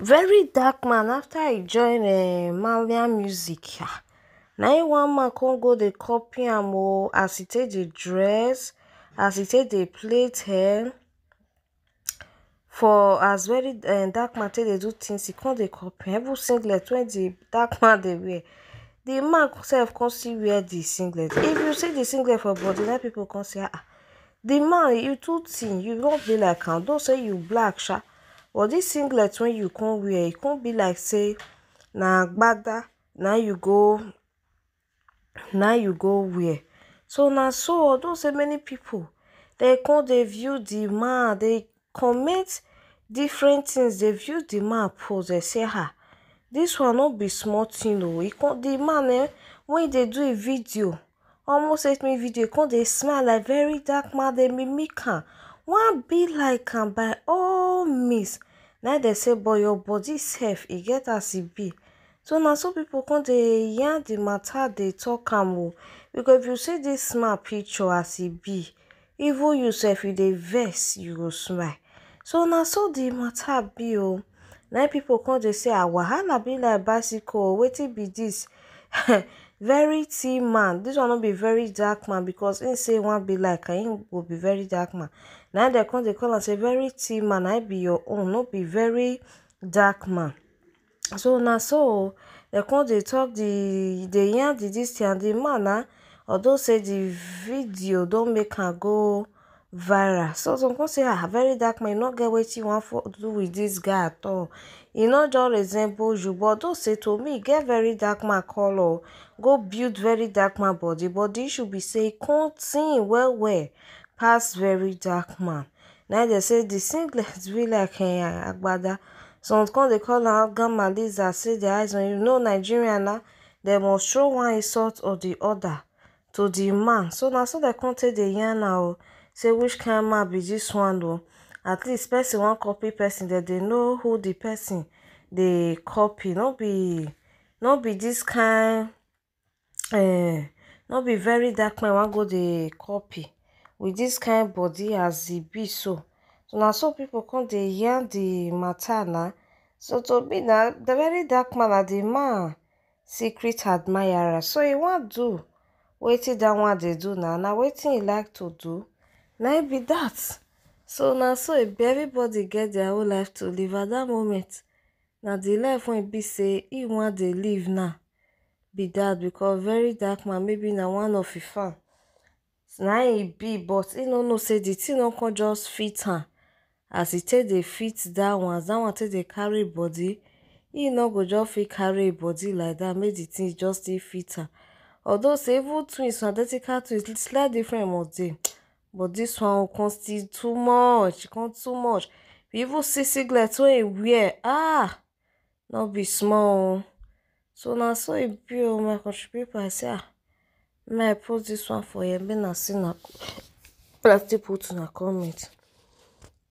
very dark man after I joined the malian music ah. now one man can't go the copy and more as he take the dress as he take the plate, hair eh. for as very eh, dark man they do things he can't copy every single singlet when the dark man they wear the man himself can't see wear the singlet if you say the singlet for body then people can't say ah, ah the man you too thin you don't be like him, don't say you black sha but this singlet when you come where it can't be like say na agbada now you go now you go where so na so those say many people they come they view the man they comment different things they view the man pose they say ha this one not be small you though. It come the man eh when do a video almost eight video come they smile like very dark man they mimic wan be like and by all means like dey say but your body sef e get as e be. So na so people come dey yarn di matter dey talk am o bicos if you see dis man picture as e be even you sef you dey vex you go smile. So na so di matter be o na im pipu come dey say ah wahala be like bicycle o wetin be dis very thin man This one no be very dark man because im say wan be like and im go be very dark man na dem come dey call am say very thin man na be your own no be very dark man so na so dem come dey talk the the yarn the dis tin and di man na although say the video don make am go viral so some come say ah very dark man e no get wetin e wan do with this guy at all e no just resemble you but though say to me get very dark man color, go build very dark man body but di issue be say e come thin well well pass very dark man Now they say di singlet be like um agbada some come dey call am afghan maliza say dia eyes on you know Nigerian now, they must show one insult or the other to the man so now so they come take dey yarn am say which kind man be dis one o at least person wan copy person dem dey know who the person dey copy no be no be this kind Eh, no be very dark man wan go dey copy with this kind body as e be so so na so people come dey yarn the matter na so to me na the very dark man na the man secret admirer so he wan do wetin dat one dey do na na wetin he like to do na it be that, so na so e everybody get their own life to live at that moment na the life wey be say im wan dey live now be that because very dark man maybe na one of im fan na he be but he no know say the thing no come just fit am as he take dey fit that one as dat one take dey carry body he no go just fit carry e body like that. make the thing just still fit am although say even twins and identical twins slight different must dey But this one will constitute too much. It too much. People see singlet wey im wear. Ah! not be small. So now so e be o my country people. I say ah. May I post this one for you. May na see na plenty people to na comment.